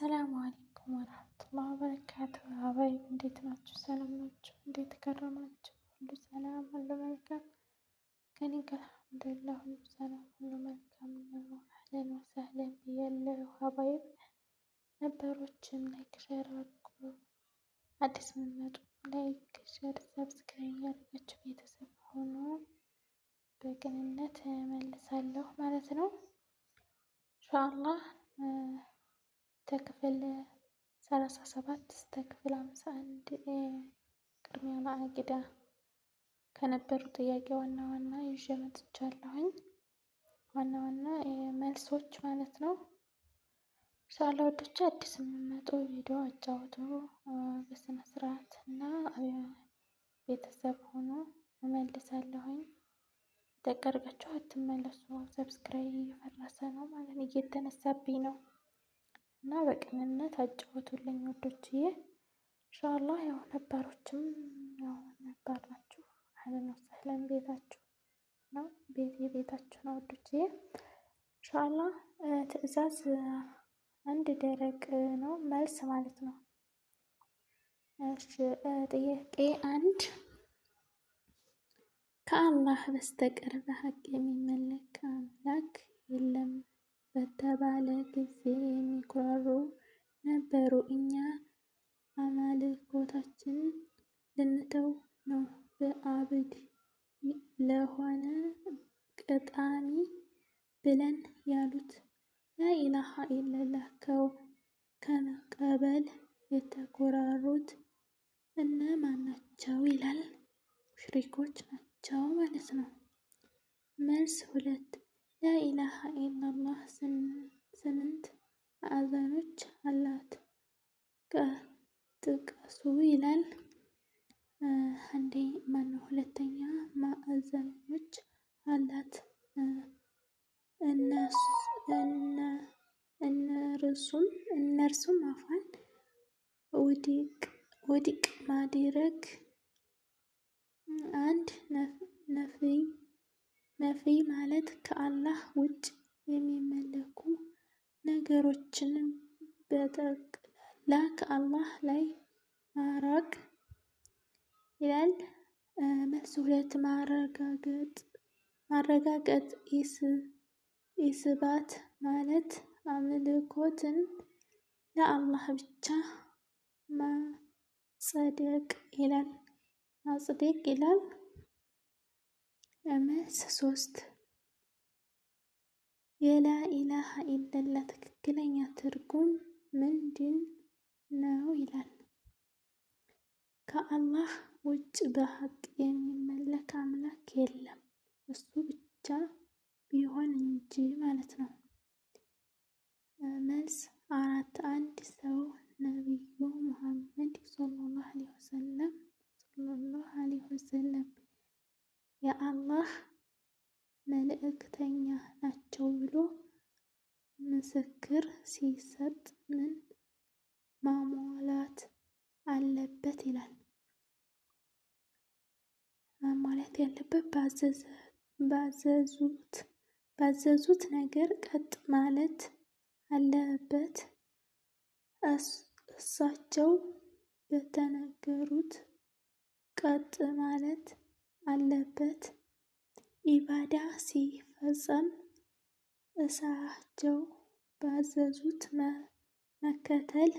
ሰላም አለይኩም ወራህመቱላሂ ወበረካቱ። አባይ እንዴት ናችሁ? ሰላም ናችሁ? እንዴት ከረማችሁ? ሁሉ ሰላም፣ ሁሉ መልካም ከኔ ጋር አልሐምዱሊላህ፣ ሁሉ ሰላም፣ ሁሉ መልካም ነው። አህለን ወሰህለን ብያለሁ። አባይ ነበሮችም ላይክ ሸር አድርጉ። አዲስ መመጡ ላይክ ሸር ሰብስክራይብ ያደርጋችሁ ቤተሰብ ሆኖ በቅንነት መልሳለሁ ማለት ነው ኢንሻአላህ ከክፍል ሰላሳ ሰባት እስከ ክፍል ሃምሳ አንድ ቅድሚያ ማዕቂዳ ከነበሩ ጥያቄ ዋና ዋና ይዤ መጥቻለሁኝ። ዋና ዋና መልሶች ማለት ነው። ሻላ ወዶች አዲስ የሚመጡ ቪዲዮ አጫወቱ በስነ ስርዓት እና ቤተሰብ ሆኖ እመልሳለሁኝ። ተቀርጋችሁ አትመለሱ። ሰብስክራይብ እየፈረሰ ነው ማለት እየተነሳብኝ ነው። እና በቅንነት አጫወቱልኝ ወዶችዬ። እንሻላ ያው ነባሮችም ያው ነባር ናችሁ አህለን ወሰህለን ቤታችሁ ነው ቤት የቤታችሁ ነው ወዶችዬ። እንሻላ ትዕዛዝ አንድ ደረቅ ነው መልስ ማለት ነው። ጥያቄ አንድ ከአላህ በስተቀር በሀቅ የሚመለክ አምላክ የለም። በተባለ ጊዜ የሚኮራሩ ነበሩ። እኛ አማልኮታችን ልንተው ነው በአብድ ለሆነ ቅጣሚ ብለን ያሉት ላኢላሃ ኢለላህ ከመቀበል የተኮራሩት እነማን ናቸው ይላል። ሙሽሪኮች ናቸው ማለት ነው። መልስ ሁለት ላኢላሃ ኢላላህ ስምንት ማዕዘኖች አላት። ጥቀሱ ይላል። አንዴ ማነው ሁለተኛ ማዕዘኖች አላት። እነርሱም እነርሱም አፏን ወዲቅ ማድረግ፣ አንድ ነፍይ ነፊ ማለት ከአላህ ውጭ የሚመለኩ ነገሮችን በጠቅላላ ከአላህ ላይ ማራቅ ይላል። መልስ ሁለት ማረጋገጥ ኢስባት ማለት አምልኮትን ለአላህ ብቻ ማጸደቅ ይላል ማጽደቅ ይላል። አምስት ሶስት የላኢላሃ ኢለላ ትክክለኛ ትርጉም ምንድን ነው ይላል። ከአላህ ውጭ በሀቅ የሚመለክ አምላክ የለም እሱ ብቻ ቢሆን እንጂ ማለት ነው። መልስ አራት አንድ ሰው ነቢዩ ሙሐመድ ሶለላሁ ዐለይሂ ወሰለም የአላህ መልእክተኛ ናቸው ብሎ ምስክር ሲሰጥ ምን ማሟላት አለበት ይላል። ማሟላት ያለበት ባዘዙት ባዘዙት ነገር ቀጥ ማለት አለበት። እሳቸው በተነገሩት ቀጥ ማለት አለበት። ኢባዳ ሲፈጸም እሳቸው ባዘዙት መከተል፣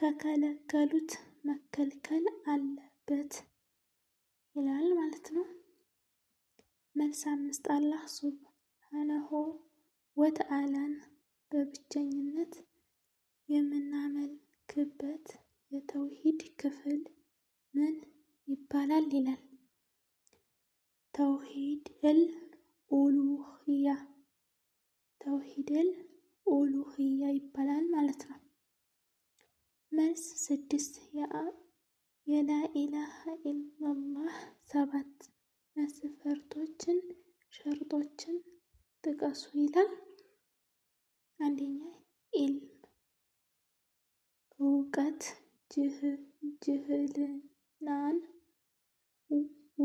ከከለከሉት መከልከል አለበት ይላል ማለት ነው። መልስ አምስት አላህ ሱብሃነሁ ወተዓላን በብቸኝነት የምናመልክበት የተውሂድ ክፍል ምን ይባላል ይላል። ተውሂድ እል ኡሉህያ ተውሂድ እል ኡሉህያ ይባላል ማለት ነው። መልስ ስድስት የላኢላሃ ኢላላህ ሰባት መስፈርቶችን ሸርጦችን ጥቀሱ ይላል። አንደኛ ኢልም እውቀት ጅህልናን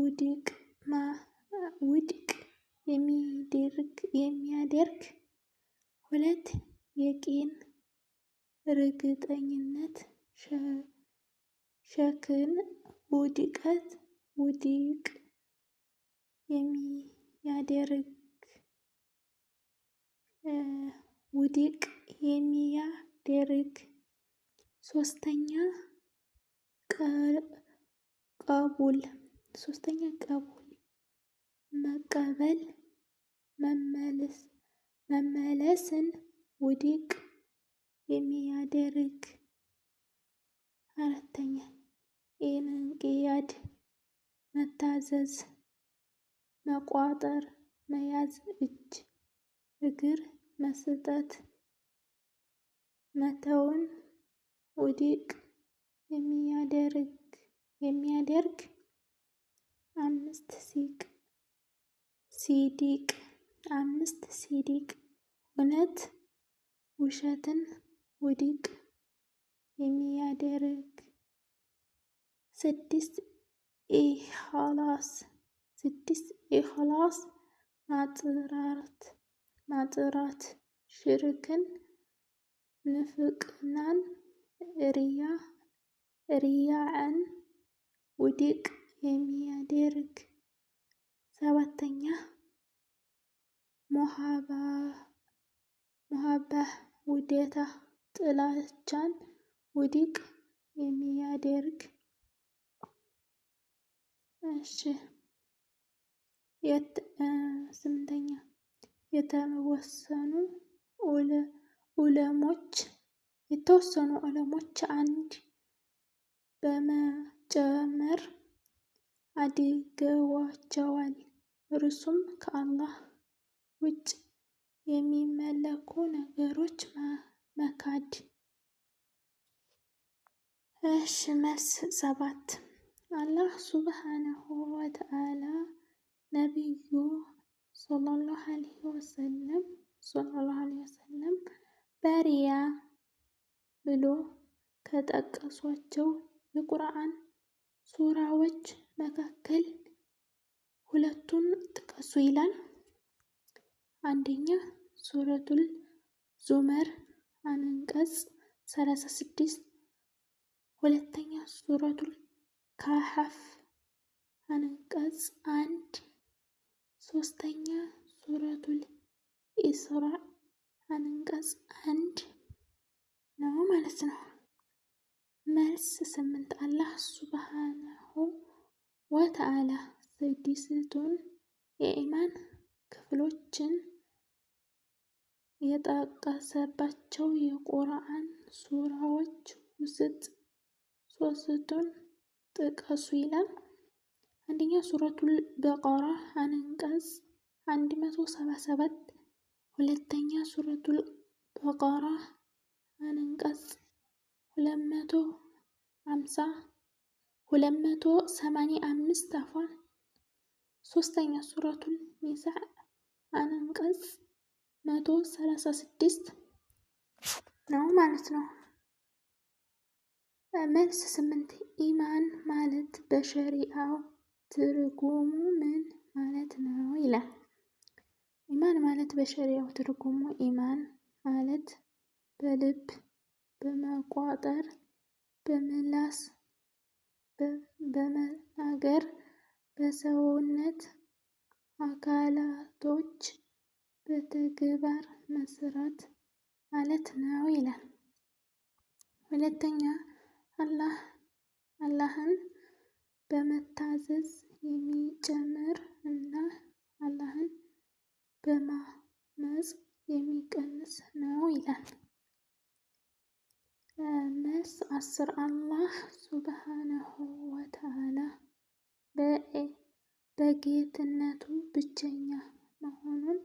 ውድቅ ውድቅ የሚያደርግ ሁለት የቂን እርግጠኝነት ሸክን ውድቀት ውድቅ የሚያደርግ ውድቅ የሚያደርግ ሶስተኛ ቀቡል ሶስተኛ ቀቡል መቀበል መመለስ መመለስን ውድቅ የሚያደርግ አራተኛ የመንቅያድ መታዘዝ መቋጠር መያዝ እጅ እግር መስጠት መተውን ውድቅ የሚያደርግ የሚያደርግ አምስት ሲቅ ሲዲቅ አምስት ሲዲቅ እውነት ውሸትን ውድቅ የሚያደርግ ስድስት ኢኽላስ ስድስት ኢኽላስ ማጽራት ማጽራት ሽርክን ንፍቅናን ርያ ርያዕን ውድቅ የሚያደርግ ሰባተኛ ሙሃባህ ውዴታ ጥላቻን ውድቅ የሚያደርግ እሺ ስምንተኛ የተወሰኑ ዑለሞች የተወሰኑ ዑለሞች አንድ በመጨመር አድርገዋቸዋል። እርሱም ከአላህ ውጭ የሚመለኩ ነገሮች መካድ። እሺ መልስ ሰባት አላህ ሱብሓነሁ ወተዓላ ነቢዩ ሰለላሁ ዐለይሂ ወሰለም ሰለላሁ ዐለይሂ ወሰለም በሪያ ብሎ ከጠቀሷቸው የቁርአን ሱራዎች መካከል ሁለቱን ጥቀሱ ይላል። አንደኛ ሱረቱል ዙመር አንቀጽ 36፣ ሁለተኛ ሱረቱል ካሐፍ አንቀጽ አንድ፣ ሶስተኛ ሱረቱል ኢስራ አንቀጽ አንድ ነው ማለት ነው። መልስ ስምንት አላህ ሱብሃነሁ ወተዓላ ስድስቱን የኢማን ክፍሎችን የጠቀሰባቸው የቁርአን ሱራዎች ውስጥ ሶስቱን ጥቀሱ ይላል። አንደኛ ሱረቱል በቀራ አንቀጽ 177 መቶ ሰባ ሰባት ሁለተኛ ሱረቱል በቀራ አንቀጽ ሁለት አምሳ ሁለት መቶ ሰማንያ አምስት አፏ ሶስተኛ ሱረቱን ኒሳዕ አንቀጽ መቶ ሰላሳ ስድስት ነው ማለት ነው። መልስ ስምንት ኢማን ማለት በሸሪአው ትርጉሙ ምን ማለት ነው ይላል። ኢማን ማለት በሸሪያው ትርጉሙ ኢማን ማለት በልብ በመቋጠር በመላስ በመናገር በሰውነት አካላቶች በተግባር መስራት ማለት ነው ይላል። ሁለተኛ አላህ አላህን በመታዘዝ የሚጨምር እና አላህን በማመፅ የሚቀንስ ነው ይላል። መልስ አስር አላህ ሱብሃነሁ ወተዓላ በጌትነቱ ብቸኛ መሆኑን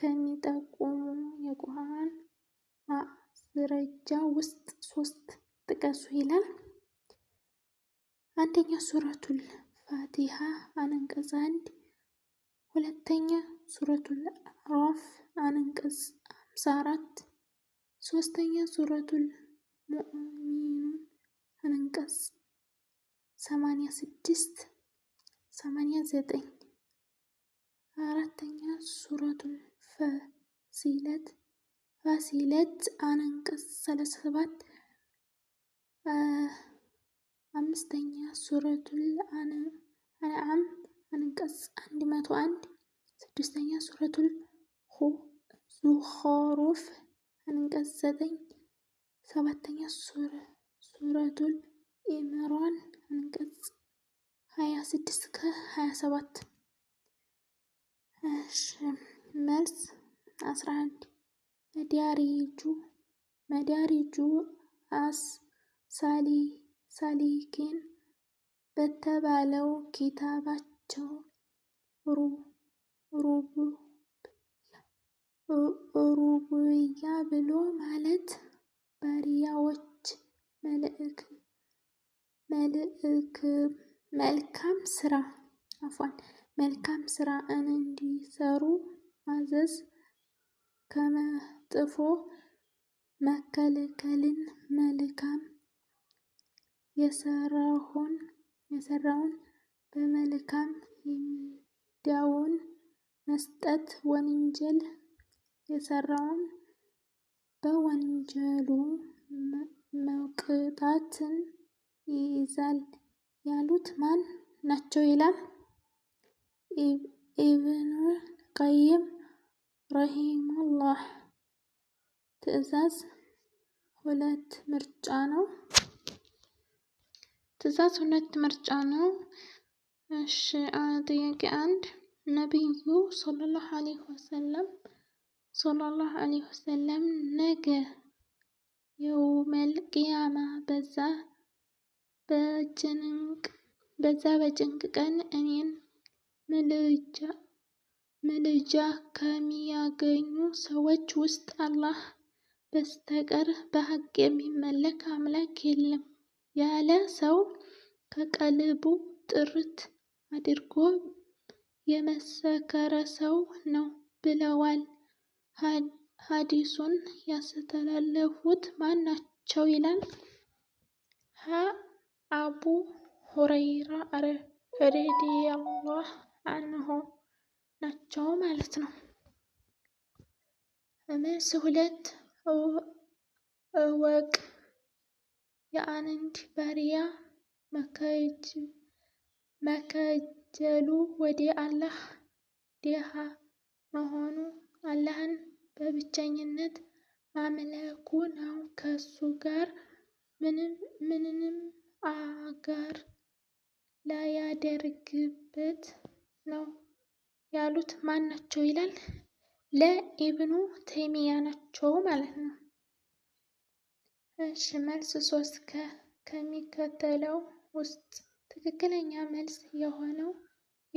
ከሚጠቁሙ የቁርአን ማስረጃ ውስጥ ሶስት ጥቀሱ ይላል። አንደኛ ሱረቱል ፋቲሃ አንቀጽ አንድ፣ ሁለተኛ ሱረቱል አዕራፍ አንቀጽ 54፣ ሶስተኛ ሱረቱል مؤمنون هنا انقص ثمانية ستة ثمانية زدين أردتني سورة فاسيلات فاسيلات أنا انقص ثلاثة سبات أمستني سورة الأنا أنا عم أنا انقص عندي ما تواند ستستني سورة الخو زخروف أنا انقص زدين ሰባተኛ ሱረቱል ኢምራን አንቀጽ 26 ከ27 መልስ 11 መዳሪጁ መዳሪጁ አስ ሳሊኪን በተባለው ኪታባቸው ሩቡያ ብሎ ማለት ባሪያዎች መልካም ስራ አፏን መልካም ስራ እንዲሰሩ ማዘዝ ከመጥፎ መከልከልን መልካም የሰራውን በመልካም ሂዳውን መስጠት ወንጀል የሰራውን በወንጀሉ መቅጣትን ይይዛል ያሉት ማን ናቸው ይላል ኢብኑ ቀይም ረሂሙላህ። ትዕዛዝ ሁለት ምርጫ ነው። ትዕዛዝ ሁለት ምርጫ ነው። እሺ ጥያቄ አንድ ነቢዩ ሰለላሁ ዐለይሂ ወሰለም ሶለላሁ ዐለይሂ ወሰለም ነገ የውመል ቅያማ በዛ በጭንቅ በዛ በጭንቅ ቀን እኔን ምልጃ ምልጃ ከሚያገኙ ሰዎች ውስጥ አላህ በስተቀር በሀቅ የሚመለክ አምላክ የለም ያለ ሰው ከቀልቡ ጥርት አድርጎ የመሰከረ ሰው ነው ብለዋል። ሐዲሱን ያስተላለፉት ማን ናቸው ይላል። ሀ አቡ ሁረይራ ረዲየላሁ አንሁ ናቸው ማለት ነው። መልስ ሁለት እወቅ የአንድ ባሪያ መከጀሉ ወደ አላህ ድሃ መሆኑ አላህን በብቸኝነት ማምለኩ ነው። ከእሱ ጋር ምንንም አጋር ላያደርግበት ነው ያሉት ማን ናቸው ይላል? ለኢብኑ ተይሚያ ናቸው ማለት ነው። እሺ መልስ ሶስት ከሚከተለው ውስጥ ትክክለኛ መልስ የሆነው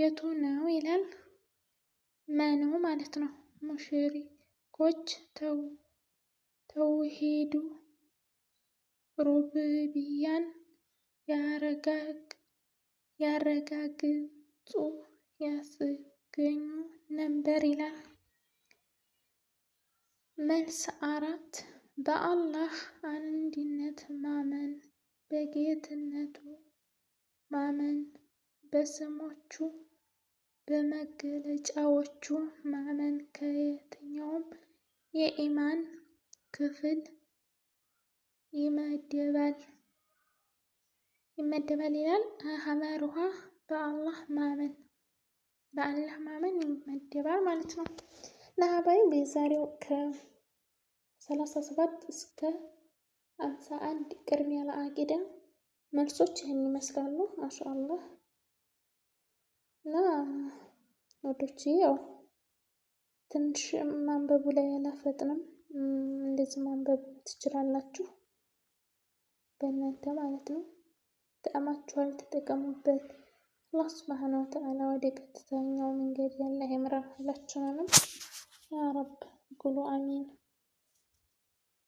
የቱ ነው ይላል? መኑ ማለት ነው ሙሽሪ ተውሂዱ ሩብብያን ያረጋግጡ ያስገኙ ነበር ይላል። መልስ አራት በአላህ አንድነት ማመን፣ በጌትነቱ ማመን፣ በስሞቹ በመገለጫዎቹ ማመን ከየትኛውም የኢማን ክፍል ይመደባል ይመደባል ይላል። ሀመሩሃ በአላህ ማመን በአላህ ማመን ይመደባል ማለት ነው። ለሀባይ በዛሬው ከ37 እስከ 51 ቅድሚያ ለአቂዳ መልሶች ይህን ይመስላሉ። ማሻአላህ እና ወዶች ያው ትንሽ ማንበቡ ላይ አላፈጥንም። እንደዚህ ማንበብ ትችላላችሁ በእናንተ ማለት ነው። ጣዕማችኋል፣ ተጠቀሙበት። አላህ ስብሓን ወተዓላ ወደ ቀጥተኛው መንገድ ያለ ይምራን ሁላችንንም። ያ ረብ ጉሉ አሚን።